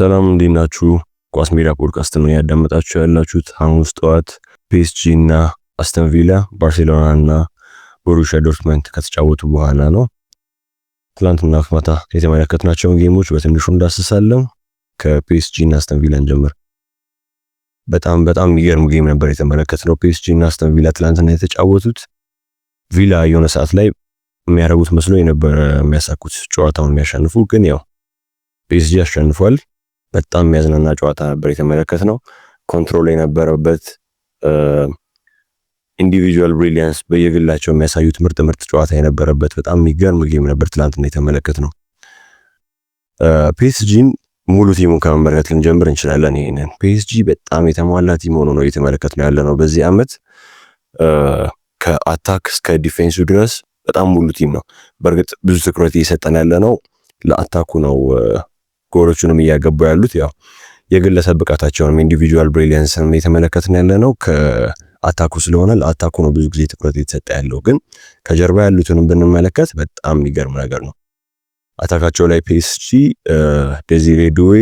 ሰላም እንዴት ናችሁ? ኳስ ሜዳ ፖድካስት ነው ያዳመጣችሁ ያላችሁት። ሐሙስ ጠዋት ፒኤስጂ እና አስተን ቪላ፣ ባርሴሎና እና ቦሩሻ ዶርትመንት ከተጫወቱ በኋላ ነው። ትላንትና ማታ የተመለከትናቸውን ጌሞች በትንሹ እንዳስሳለን። ከፒኤስጂ እና አስተን ቪላ እንጀምር። በጣም በጣም የሚገርም ጌም ነበር የተመለከትነው። ፒኤስጂ እና አስተን ቪላ ትላንትና የተጫወቱት ቪላ የሆነ ሰዓት ላይ የሚያደርጉት መስሎ የነበረ የሚያሳኩት ጨዋታውን የሚያሸንፉ ግን ያው ፒኤስጂ አሸንፏል። በጣም የሚያዝናና ጨዋታ ነበር የተመለከት ነው። ኮንትሮል የነበረበት ኢንዲቪጁዋል ብሪሊያንስ በየግላቸው የሚያሳዩት ምርጥ ምርጥ ጨዋታ የነበረበት በጣም የሚገርም ጌም ነበር ትላንትና የተመለከት ነው። ፒኤስጂን ሙሉ ቲሙን ከመመልከት ልንጀምር እንችላለን። ይሄንን ፒኤስጂ በጣም የተሟላ ቲም ሆኖ ነው እየተመለከት ነው ያለ ነው። በዚህ አመት ከአታክ እስከ ዲፌንሱ ድረስ በጣም ሙሉ ቲም ነው። በእርግጥ ብዙ ትኩረት እየሰጠን ያለ ነው ለአታኩ ነው ጎሎቹንም እያገቡ ያሉት ያው የግለሰብ ብቃታቸውንም ኢንዲቪጁዋል ብሪሊያንስን የተመለከትን ያለ ነው አታኩ ስለሆነ ለአታኩ ነው ብዙ ጊዜ ትኩረት የተሰጠ ያለው። ግን ከጀርባ ያሉትንም ብንመለከት በጣም የሚገርም ነገር ነው። አታካቸው ላይ ፒኤስጂ ዴዚሬ ዱዌ፣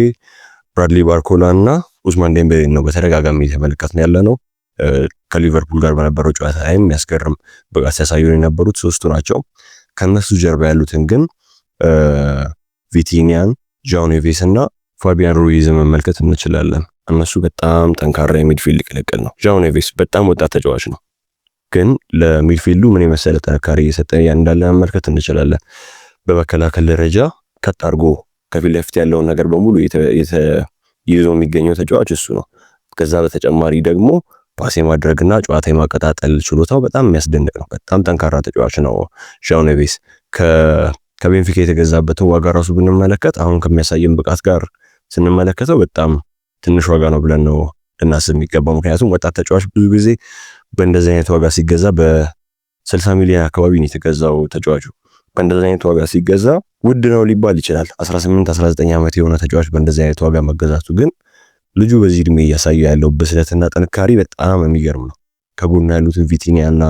ብራድሊ ባርኮላ እና ኡስማን ዴምቤሌ ነው በተደጋጋሚ የተመለከት ነው ያለ ነው። ከሊቨርፑል ጋር በነበረው ጨዋታ ላይ የሚያስገርም ብቃት ሲያሳዩን የነበሩት ሶስቱ ናቸው። ከነሱ ጀርባ ያሉትን ግን ቪቲኒያን ጃን ቬስ እና ፋቢያን ሩይዝ መመልከት እንችላለን። እነሱ በጣም ጠንካራ የሚድፊልድ ቅልቅል ነው። ጃን ቬስ በጣም ወጣት ተጫዋች ነው፣ ግን ለሚድፊልዱ ምን የመሰለ ጥንካሬ እየሰጠ እንዳለ መመልከት እንችላለን። በመከላከል ደረጃ ከት አድርጎ ከፊት ለፊት ያለውን ነገር በሙሉ ይዞ የሚገኘው ተጫዋች እሱ ነው። ከዛ በተጨማሪ ደግሞ ፓስ የማድረግና ጨዋታ የማቀጣጠል ችሎታው በጣም የሚያስደንቅ ነው። በጣም ጠንካራ ተጫዋች ነው ዣን ከቤንፊካ የተገዛበትን ዋጋ ራሱ ብንመለከት አሁን ከሚያሳየን ብቃት ጋር ስንመለከተው በጣም ትንሽ ዋጋ ነው ብለን ነው ልናስብ የሚገባው። ምክንያቱም ወጣት ተጫዋች ብዙ ጊዜ በእንደዚህ አይነት ዋጋ ሲገዛ በ60 ሚሊዮን አካባቢ ነው የተገዛው ተጫዋቹ። በእንደዚህ አይነት ዋጋ ሲገዛ ውድ ነው ሊባል ይችላል። 18 19 ዓመት የሆነ ተጫዋች በእንደዚህ አይነት ዋጋ መገዛቱ ግን ልጁ በዚህ እድሜ እያሳየ ያለው ብስለትና ጥንካሬ በጣም የሚገርም ነው። ከጎን ያሉትን ቪቲኒያና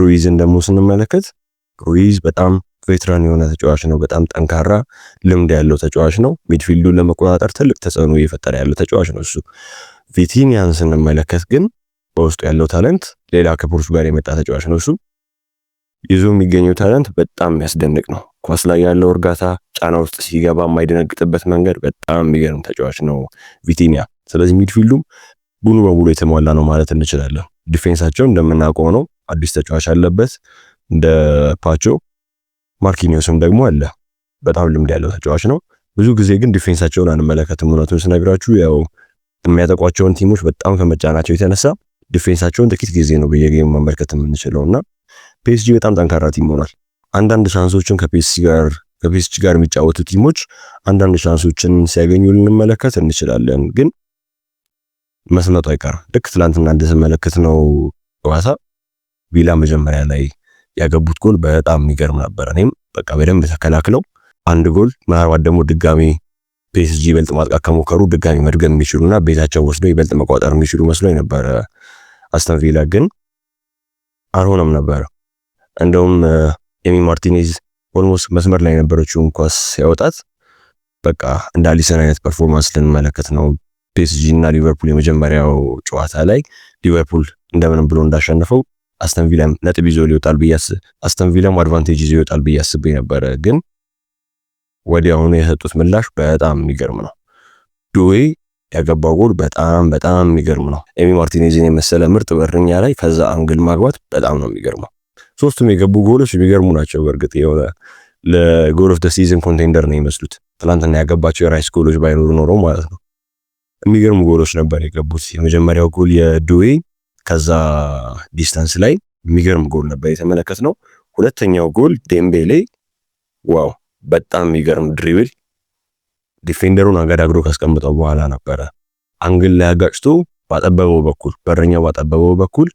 ሩይዝን ደግሞ ስንመለከት ሩይዝ በጣም ቬትራን የሆነ ተጫዋች ነው። በጣም ጠንካራ ልምድ ያለው ተጫዋች ነው። ሚድፊልዱን ለመቆጣጠር ትልቅ ተጽዕኖ እየፈጠረ ያለ ተጫዋች ነው እሱ። ቪቲኒያን ስንመለከት ግን በውስጡ ያለው ታለንት ሌላ ጋር የመጣ ተጫዋች ነው እሱ። ይዞ የሚገኘው ታለንት በጣም የሚያስደንቅ ነው። ኳስ ላይ ያለው እርጋታ፣ ጫና ውስጥ ሲገባ የማይደነግጥበት መንገድ በጣም የሚገርም ተጫዋች ነው ቪቲኒያ። ስለዚህ ሚድፊልዱም ሙሉ በሙሉ የተሟላ ነው ማለት እንችላለን። ዲፌንሳቸው እንደምናውቀው ነው። አዲስ ተጫዋች አለበት እንደ ፓቾ ማርኪኒዮስም ደግሞ አለ። በጣም ልምድ ያለው ተጫዋች ነው። ብዙ ጊዜ ግን ዲፌንሳቸውን አንመለከትም። እውነቱን ስነግራችሁ ያው የሚያጠቋቸውን ቲሞች በጣም ከመጫናቸው የተነሳ ዲፌንሳቸውን ጥቂት ጊዜ ነው በየጌም መመልከት የምንችለው እና ፒኤስጂ በጣም ጠንካራ ቲም ሆኗል። አንዳንድ ሻንሶችን ከፒኤስጂ ጋር ጋር የሚጫወቱ ቲሞች አንዳንድ ሻንሶችን ሲያገኙ ልንመለከት እንችላለን፣ ግን መስመጡ አይቀርም። ልክ ትላንትና እንደተመለከት ነው ጨዋታ ቪላ መጀመሪያ ላይ ያገቡት ጎል በጣም የሚገርም ነበር። እኔም በቃ በደንብ ተከላክለው አንድ ጎል ምናልባት ደግሞ ድጋሚ ፒኤስጂ ይበልጥ ማጥቃት ከሞከሩ ድጋሚ መድገም የሚችሉና ቤታቸው ወስዶ ይበልጥ መቋጠር የሚችሉ መስሎ ነበረ። አስተን ቪላ ግን አልሆነም ነበረ። እንደውም ኤሚ ማርቲኔዝ ኦልሞስት መስመር ላይ የነበረችውን ኳስ ያወጣት በቃ እንደ አሊሰን አይነት ፐርፎርማንስ ልንመለከት ነው። ፒኤስጂ እና ሊቨርፑል የመጀመሪያው ጨዋታ ላይ ሊቨርፑል እንደምንም ብሎ እንዳሸነፈው አስተንቪላም ነጥብ ይዞ ሊወጣል ብያስ አስተንቪላም አድቫንቴጅ ይዞ ይወጣል ብዬ አስቤ ነበረ፣ ግን ወዲያውኑ የሰጡት ምላሽ በጣም የሚገርም ነው። ዱዌ ያገባው ጎል በጣም በጣም የሚገርም ነው። ኤሚ ማርቲኔዝን የመሰለ ምርጥ በርኛ ላይ ከዛ አንግል ማግባት በጣም ነው የሚገርመው። ሶስቱም የገቡ ጎሎች የሚገርሙ ናቸው። በእርግጥ የሆነ ለጎል ኦፍ ደ ሲዝን ኮንቴንደር ነው የሚመስሉት። ትላንትና ያገባቸው የራይስ ጎሎች ባይኖሩ ኖሮ ማለት ነው። የሚገርሙ ጎሎች ነበር የገቡት። የመጀመሪያው ጎል የዱዌ ከዛ ዲስተንስ ላይ የሚገርም ጎል ነበር የተመለከት ነው። ሁለተኛው ጎል ዴምቤሌ ዋው፣ በጣም የሚገርም ድሪብል ዲፌንደሩን አገዳግዶ ካስቀምጠው በኋላ ነበረ አንግል ላይ አጋጭቶ ባጠበበው በኩል በረኛው ባጠበበው በኩል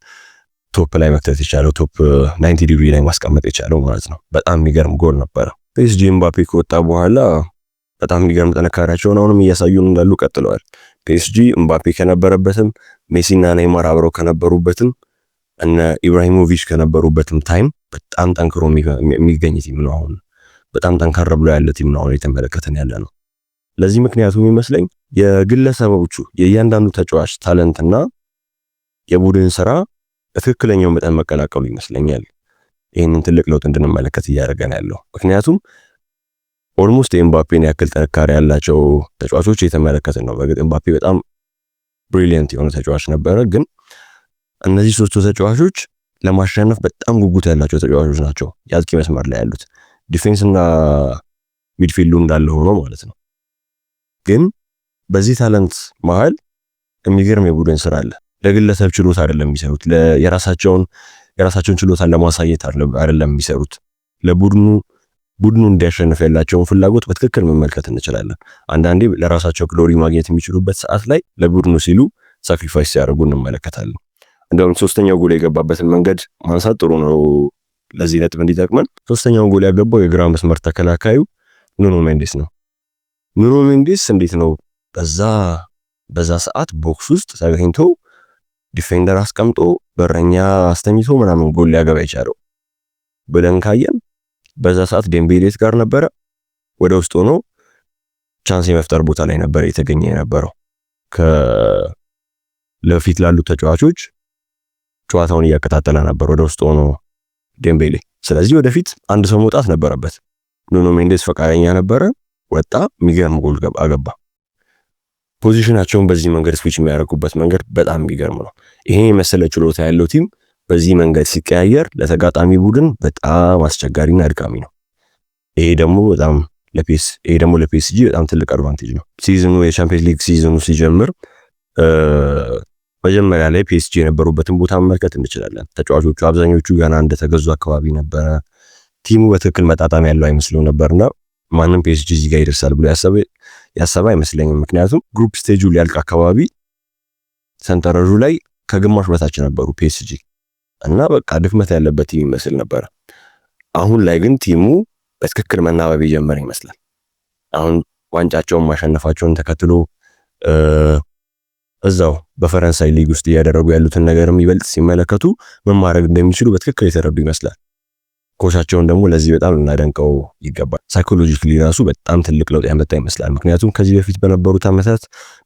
ቶፕ ላይ መክተት የቻለው ቶፕ 90 ዲግሪ ላይ ማስቀመጥ የቻለው ማለት ነው። በጣም የሚገርም ጎል ነበረ። ፒኤስጂ ኤምባፔ ከወጣ በኋላ በጣም የሚገርም ጥንካሬያቸውን አሁንም እያሳዩን እንዳሉ ቀጥለዋል። ፒኤስጂ እምባፔ ከነበረበትም ሜሲና ኔይማር አብረው ከነበሩበትም እነ ኢብራሂሞቪች ከነበሩበትም ታይም በጣም ጠንክሮ የሚገኝ ቲም ነው። አሁን በጣም ጠንካራ ብሎ ያለ ቲም ነው አሁን የተመለከተን ያለ ነው። ለዚህ ምክንያቱ የሚመስለኝ የግለሰቦቹ የእያንዳንዱ ተጫዋች ታለንትና የቡድን ስራ በትክክለኛው መጠን መቀላቀሉ ይመስለኛል ይህንን ትልቅ ለውጥ እንድንመለከት እያደረገን ያለው ምክንያቱም ኦልሞስት ኤምባፔን ያክል ጥንካሬ ያላቸው ተጫዋቾች እየተመለከትን ነው። በእርግጥ ኤምባፔ በጣም ብሪሊየንት የሆነ ተጫዋች ነበረ፣ ግን እነዚህ ሶስቱ ተጫዋቾች ለማሸነፍ በጣም ጉጉት ያላቸው ተጫዋቾች ናቸው። የአጥቂ መስመር ላይ ያሉት ዲፌንስ እና ሚድፊልዱ እንዳለ ሆኖ ማለት ነው። ግን በዚህ ታለንት መሀል የሚገርም የቡድን ስራ አለ። ለግለሰብ ችሎታ አይደለም የሚሰሩት፣ የራሳቸውን የራሳቸውን ችሎታን ለማሳየት አይደለም የሚሰሩት ለቡድኑ ቡድኑ እንዲያሸንፍ ያላቸውን ፍላጎት በትክክል መመልከት እንችላለን። አንዳንዴ ለራሳቸው ግሎሪ ማግኘት የሚችሉበት ሰዓት ላይ ለቡድኑ ሲሉ ሳክሪፋይስ ሲያደርጉ እንመለከታለን። እንደውም ሶስተኛው ጎል የገባበትን መንገድ ማንሳት ጥሩ ነው ለዚህ ነጥብ እንዲጠቅመን። ሶስተኛው ጎል ያገባው የግራ መስመር ተከላካዩ ኑኖ ሜንዴስ ነው። ኑኖ ሜንዴስ እንዴት ነው በዛ በዛ ሰዓት ቦክስ ውስጥ ተገኝቶ ዲፌንደር አስቀምጦ በረኛ አስተኝቶ ምናምን ጎል ሊያገባ ይቻለው ብለን ካየን በዛ ሰዓት ዴምቤሌት ጋር ነበረ። ወደ ውስጥ ሆኖ ቻንስ የመፍጠር ቦታ ላይ ነበረ የተገኘ የነበረው። ለፊት ላሉት ተጫዋቾች ጨዋታውን እያከታተለ ነበር ወደ ውስጥ ሆኖ ዴምቤሌ። ስለዚህ ወደፊት አንድ ሰው መውጣት ነበረበት። ኑኖ ሜንዴስ ፈቃደኛ ነበረ፣ ወጣ፣ የሚገርም ጎል አገባ። ፖዚሽናቸውን በዚህ መንገድ ስዊች የሚያደርጉበት መንገድ በጣም የሚገርም ነው። ይሄ የመሰለ ችሎታ ያለው ቲም በዚህ መንገድ ሲቀያየር ለተጋጣሚ ቡድን በጣም አስቸጋሪና አድካሚ ነው። ይሄ ደግሞ በጣም ለፒስ ይሄ ደግሞ ለፒኤስጂ በጣም ትልቅ አድቫንቴጅ ነው። ሲዝኑ የቻምፒየንስ ሊግ ሲዝኑ ሲጀምር መጀመሪያ ላይ ፒኤስጂ የነበሩበትን ቦታ መመልከት እንችላለን። ተጫዋቾቹ አብዛኞቹ ገና እንደተገዙ አካባቢ ነበረ። ቲሙ በትክክል መጣጣም ያለው አይመስሉ ነበርና ማንም ፒኤስጂ እዚህ ጋር ይደርሳል ብሎ ያሰበ አይመስለኝም። ምክንያቱም ግሩፕ ስቴጁ ሊያልቅ አካባቢ ሰንጠረዡ ላይ ከግማሽ በታች ነበሩ ፒኤስጂ እና ድክመት ያለበት ቲም ይመስል ነበረ። አሁን ላይ ግን ቲሙ በትክክል መናበብ የጀመረ ይመስላል። አሁን ዋንጫቸውን ማሸነፋቸውን ተከትሎ እዛው በፈረንሳይ ሊግ ውስጥ እያደረጉ ያሉትን ነገርም ይበልጥ ሲመለከቱ ምን ማድረግ እንደሚችሉ በትክክል የተረዱ ይመስላል። ኮቻቸውን ደግሞ ለዚህ በጣም ልናደንቀው ይገባል። ሳይኮሎጂካሊ ራሱ በጣም ትልቅ ለውጥ ያመጣ ይመስላል። ምክንያቱም ከዚህ በፊት በነበሩት ዓመታት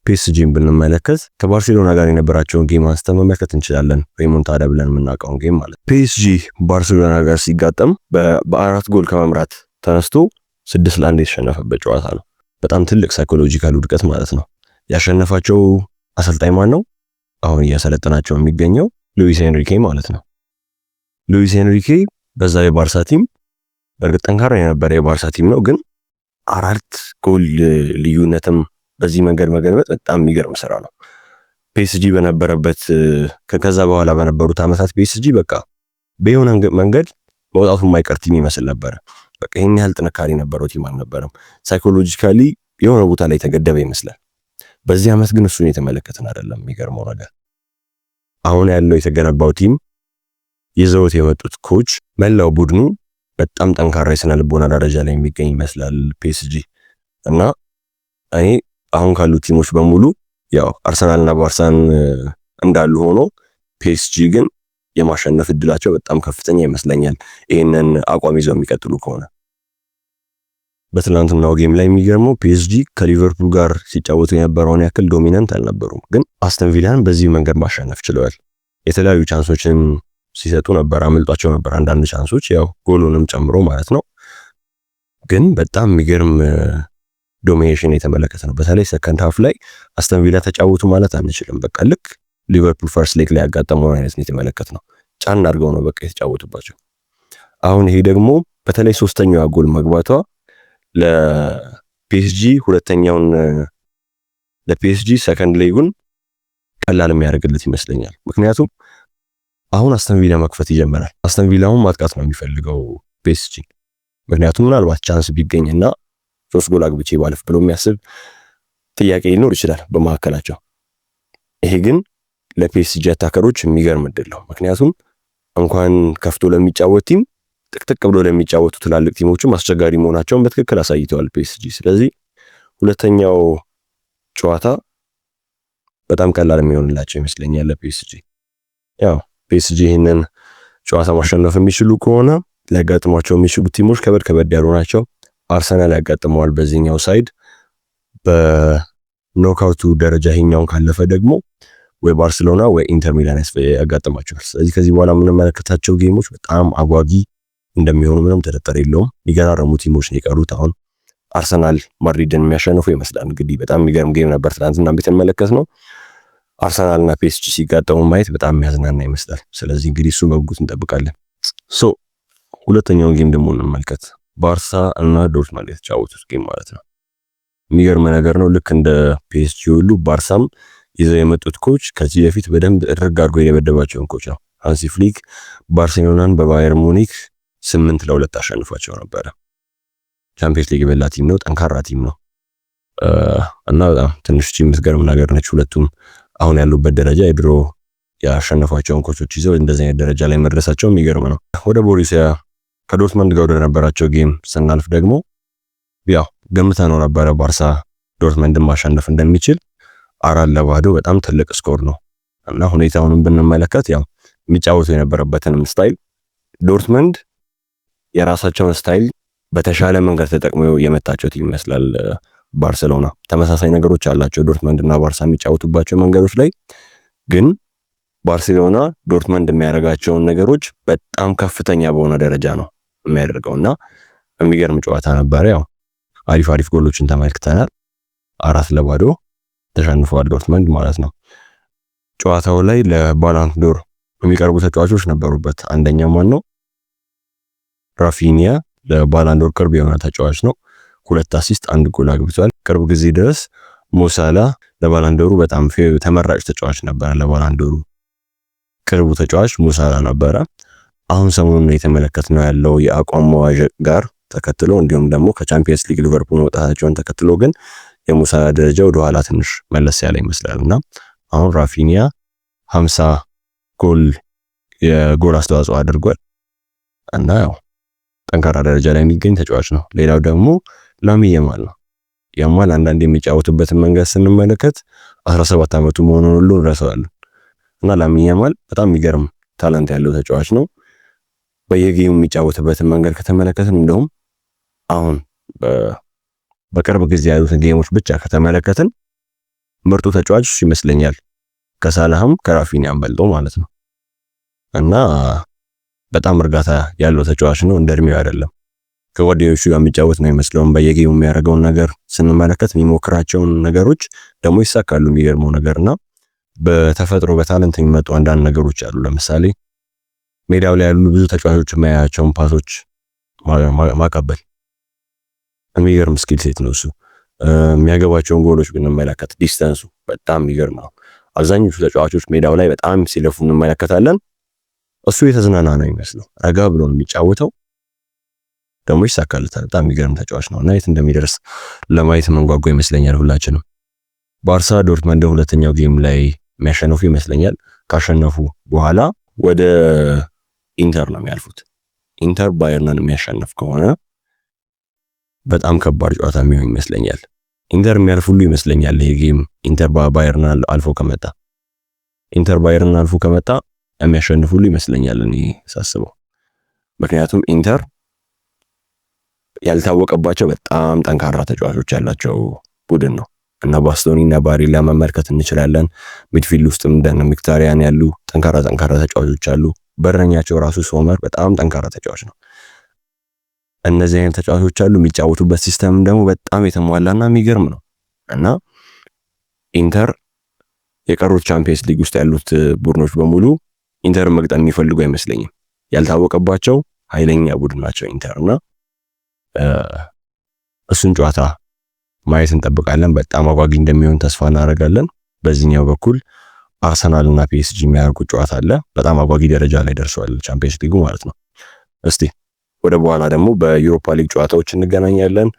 ፒኤስጂን ብንመለከት ከባርሴሎና ጋር የነበራቸውን ጌም አንስተን መመልከት እንችላለን። ሬሞንታዳ ብለን የምናውቀውን ጌም ማለት ፒኤስጂ ባርሴሎና ጋር ሲጋጠም በአራት ጎል ከመምራት ተነስቶ ስድስት ለአንድ የተሸነፈበት ጨዋታ ነው። በጣም ትልቅ ሳይኮሎጂካል ውድቀት ማለት ነው። ያሸነፋቸው አሰልጣኝ ማን ነው? አሁን እያሰለጠናቸው የሚገኘው ሉዊስ ሄንሪኬ ማለት ነው። ሉዊስ ሄንሪኬ በዛ የባርሳ ቲም በእርግጥ ጠንካራ የነበረ የባርሳ ቲም ነው፣ ግን አራት ጎል ልዩነትም በዚህ መንገድ መገንበት በጣም የሚገርም ስራ ነው። ፒኤስጂ በነበረበት ከዛ በኋላ በነበሩት ዓመታት ፒኤስጂ በቃ በየሆነ መንገድ መውጣቱ የማይቀር ቲም ይመስል ነበረ። በቃ ይህን ያህል ጥንካሬ ነበረው ቲም አልነበረም። ሳይኮሎጂካሊ የሆነ ቦታ ላይ የተገደበ ይመስላል። በዚህ ዓመት ግን እሱን የተመለከትን አይደለም። የሚገርመው ነገር አሁን ያለው የተገነባው ቲም ይዘውት የመጡት ኮች መላው ቡድኑ በጣም ጠንካራ የስነ ልቦና ደረጃ ላይ የሚገኝ ይመስላል ፒኤስጂ እና እኔ አሁን ካሉ ቲሞች በሙሉ ያው አርሰናልና ባርሳን እንዳሉ ሆኖ ፒኤስጂ ግን የማሸነፍ እድላቸው በጣም ከፍተኛ ይመስለኛል፣ ይህንን አቋም ይዘው የሚቀጥሉ ከሆነ። በትላንትናው ጌም ላይ የሚገርመው ፒኤስጂ ከሊቨርፑል ጋር ሲጫወቱ የነበረውን ያክል ዶሚናንት አልነበሩም፣ ግን አስተንቪላን በዚህ መንገድ ማሸነፍ ችለዋል። የተለያዩ ቻንሶችን ሲሰጡ ነበር፣ አመልጧቸው ነበር አንዳንድ ቻንሶች፣ ያው ጎሉንም ጨምሮ ማለት ነው። ግን በጣም የሚገርም ዶሚኔሽን የተመለከተ ነው። በተለይ ሰከንድ ሀፍ ላይ አስተንቪላ ተጫወቱ ማለት አንችልም። በቃ ልክ ሊቨርፑል ፈርስት ሌግ ላይ ያጋጠመውን አይነት የተመለከት ነው። ጫን አድርገው ነው በቃ የተጫወቱባቸው። አሁን ይሄ ደግሞ በተለይ ሶስተኛዋ ጎል መግባቷ ለፒኤስጂ ሁለተኛውን ለፒኤስጂ ሰከንድ ሌጉን ቀላል የሚያደርግለት ይመስለኛል። ምክንያቱም አሁን አስተንቪላ መክፈት ይጀምራል። አስተንቪላውን ማጥቃት ነው የሚፈልገው ፔስጂ። ምክንያቱም ምናልባት ቻንስ ቢገኝና ሶስት ጎል አግብቼ ባለፍ ብሎ የሚያስብ ጥያቄ ሊኖር ይችላል በመካከላቸው። ይሄ ግን ለፒኤስጂ አታከሮች የሚገርም እድል ነው። ምክንያቱም እንኳን ከፍቶ ለሚጫወት ቲም ጥቅጥቅ ብሎ ለሚጫወቱ ትላልቅ ቲሞችም አስቸጋሪ መሆናቸውን በትክክል አሳይተዋል ፒኤስጂ። ስለዚህ ሁለተኛው ጨዋታ በጣም ቀላል የሚሆንላቸው ይመስለኛል ለፒኤስጂ ያው ፒኤስጂ ይህንን ጨዋታ ማሸነፍ የሚችሉ ከሆነ ሊያጋጥሟቸው የሚችሉ ቲሞች ከበድ ከበድ ያሉ ናቸው። አርሰናል ያጋጥመዋል በዚህኛው ሳይድ በኖካውቱ ደረጃ ይህኛውን ካለፈ ደግሞ ወይ ባርሴሎና ወይ ኢንተር ሚላን ያጋጥማቸዋል። ስለዚህ ከዚህ በኋላ የምንመለከታቸው ጌሞች በጣም አጓጊ እንደሚሆኑ ምንም ጥርጥር የለውም። የሚገራረሙ ቲሞች ነው የቀሩት። አሁን አርሰናል ማድሪድን የሚያሸንፉ ይመስላል። እንግዲህ በጣም የሚገርም ጌም ነበር ትናንትና ቤት ነው። አርሰናልና ፒኤስጂ ሲጋጠሙ ማየት በጣም የሚያዝናና ይመስላል። ስለዚህ እንግዲህ እሱ በጉጉት እንጠብቃለን። ሶ ሁለተኛውን ጌም ደግሞ እንመልከት። ባርሳ እና ዶርትመንድ የተጫወቱት ጌም ማለት ነው። የሚገርም ነገር ነው። ልክ እንደ ፒኤስጂ ሁሉ ባርሳም ይዘው የመጡት ኮች ከዚህ በፊት በደንብ እድርግ አድርጎ የደበደባቸውን ኮች ነው። ሃንሲ ፍሊክ ባርሴሎናን በባየር ሙኒክ ስምንት ለሁለት አሸንፏቸው ነበረ። ቻምፒየንስ ሊግ የበላ ቲም ነው፣ ጠንካራ ቲም ነው እና በጣም ትንሽ የምትገርም ነገር ነች። ሁለቱም አሁን ያሉበት ደረጃ የድሮ ያሸነፏቸውን ኮቾች ይዘው እንደዚህ አይነት ደረጃ ላይ መድረሳቸው የሚገርም ነው። ወደ ቦሩሲያ ከዶርትመንድ ጋር ወደ ነበራቸው ጌም ስናልፍ ደግሞ ያው ገምተ ነው ነበረ ባርሳ ዶርትመንድን ማሸነፍ እንደሚችል አራት ለባዶ በጣም ትልቅ ስኮር ነው እና ሁኔታውንም ብንመለከት ያው የሚጫወቱ የነበረበትንም ስታይል ዶርትመንድ የራሳቸውን ስታይል በተሻለ መንገድ ተጠቅሞ የመታቸው ይመስላል። ባርሰሎና ተመሳሳይ ነገሮች አላቸው። ዶርትመንድ እና ባርሳ የሚጫወቱባቸው መንገዶች ላይ ግን ባርሴሎና ዶርትመንድ የሚያደርጋቸውን ነገሮች በጣም ከፍተኛ በሆነ ደረጃ ነው የሚያደርገው እና የሚገርም ጨዋታ ነበረ። ያው አሪፍ አሪፍ ጎሎችን ተመልክተናል። አራት ለባዶ ተሸንፈዋል ዶርትመንድ ማለት ነው። ጨዋታው ላይ ለባላንዶር የሚቀርቡ ተጫዋቾች ነበሩበት። አንደኛ ማን ነው? ራፊኒያ ለባላንዶር ቅርብ የሆነ ተጫዋች ነው። ሁለት አሲስት፣ አንድ ጎል አግብቷል። ቅርብ ጊዜ ድረስ ሞሳላ ለባላንዶሩ በጣም ተመራጭ ተጫዋች ነበረ። ለባላንዶሩ ቅርቡ ተጫዋች ሞሳላ ነበረ። አሁን ሰሞኑን የተመለከትነው ያለው የአቋም መዋዠቅ ጋር ተከትሎ እንዲሁም ደግሞ ከቻምፒየንስ ሊግ ሊቨርፑል መውጣታቸውን ተከትሎ ግን የሙሳላ ደረጃ ወደ ኋላ ትንሽ መለስ ያለ ይመስላል እና አሁን ራፊኒያ ሀምሳ ጎል የጎል አስተዋጽኦ አድርጓል እና ያው ጠንካራ ደረጃ ላይ የሚገኝ ተጫዋች ነው። ሌላው ደግሞ ላሚ የማል ነው። ያማል አንዳንድ የሚጫወትበትን መንገድ ስንመለከት 17 ዓመቱ መሆኑን ሁሉ እንረሳዋለን። እና ላሚ ያማል በጣም የሚገርም ታላንት ያለው ተጫዋች ነው። በየጊዜው የሚጫወትበትን መንገድ ከተመለከትን እንደውም አሁን በቅርብ ጊዜ ያሉትን ጌሞች ብቻ ከተመለከትን ምርጡ ተጫዋች እሱ ይመስለኛል። ከሳላህም ከራፊኒያም በልጦ ማለት ነው እና በጣም እርጋታ ያለው ተጫዋች ነው። እንደ እድሜው አይደለም። ከጓደኞቹ ጋር የሚጫወት ነው ይመስለውን በየጊዜው የሚያደርገውን ነገር ስንመለከት የሚሞክራቸውን ነገሮች ደግሞ ይሳካሉ። የሚገርመው ነገርና በተፈጥሮ በታለንት የሚመጡ አንዳንድ ነገሮች አሉ። ለምሳሌ ሜዳው ላይ ያሉ ብዙ ተጫዋቾች የማያያቸውን ፓሶች ማቀበል የሚገርም ስኪል ሴት ነው እሱ። የሚያገባቸውን ጎሎች ብንመለከት ዲስተንሱ በጣም የሚገርም ነው። አብዛኞቹ ተጫዋቾች ሜዳው ላይ በጣም ሲለፉ እንመለከታለን። እሱ የተዝናና ነው ይመስለው ረጋ ብሎ ነው የሚጫወተው ደግሞ ይሳካልታል። በጣም የሚገርም ተጫዋች ነው እና የት እንደሚደርስ ለማየት መንጓጓ ይመስለኛል ሁላችንም። ባርሳ ዶርትመንድ ሁለተኛው ጌም ላይ የሚያሸነፉ ይመስለኛል። ካሸነፉ በኋላ ወደ ኢንተር ነው የሚያልፉት። ኢንተር ባየርንን የሚያሸንፍ ከሆነ በጣም ከባድ ጨዋታ የሚሆን ይመስለኛል። ኢንተር የሚያልፍ ሁሉ ይመስለኛል ይሄ ጌም ኢንተር ባየርን አልፎ ከመጣ ኢንተር ባየርን አልፎ ከመጣ የሚያሸንፍ ሁሉ ይመስለኛል እኔ ሳስበው። ምክንያቱም ኢንተር ያልታወቀባቸው በጣም ጠንካራ ተጫዋቾች ያላቸው ቡድን ነው እና ባስቶኒ እና ባሪላ መመልከት እንችላለን። ሚድፊልድ ውስጥም ደን ሚክታሪያን ያሉ ጠንካራ ጠንካራ ተጫዋቾች አሉ። በረኛቸው ራሱ ሶመር በጣም ጠንካራ ተጫዋች ነው። እነዚህ አይነት ተጫዋቾች አሉ። የሚጫወቱበት ሲስተም ደግሞ በጣም የተሟላና የሚገርም ነው እና ኢንተር የቀሩት ቻምፒየንስ ሊግ ውስጥ ያሉት ቡድኖች በሙሉ ኢንተር መግጠም የሚፈልጉ አይመስለኝም። ያልታወቀባቸው ኃይለኛ ቡድን ናቸው ኢንተር እና እሱን ጨዋታ ማየት እንጠብቃለን። በጣም አጓጊ እንደሚሆን ተስፋ እናደርጋለን። በዚህኛው በኩል አርሰናል እና ፒኤስጂ የሚያደርጉት ጨዋታ አለ። በጣም አጓጊ ደረጃ ላይ ደርሰዋል ቻምፒየንስ ሊጉ ማለት ነው። እስቲ ወደ በኋላ ደግሞ በዩሮፓ ሊግ ጨዋታዎች እንገናኛለን።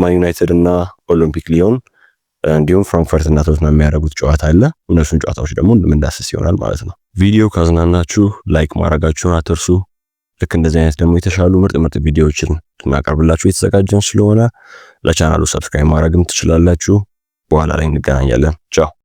ማን ዩናይትድ እና ኦሎምፒክ ሊዮን እንዲሁም ፍራንክፈርት እና ቶትናም የሚያደርጉት ጨዋታ አለ። እነሱን ጨዋታዎች ደግሞ እንደምንዳስስ ይሆናል ማለት ነው። ቪዲዮ ካዝናናችሁ ላይክ ማድረጋችሁን አትርሱ። ልክ እንደዚህ አይነት ደግሞ የተሻሉ ምርጥ ምርጥ ቪዲዮዎችን እናቀርብላችሁ የተዘጋጀን ስለሆነ ለቻናሉ ሰብስክራይብ ማድረግም ትችላላችሁ። በኋላ ላይ እንገናኛለን። ቻው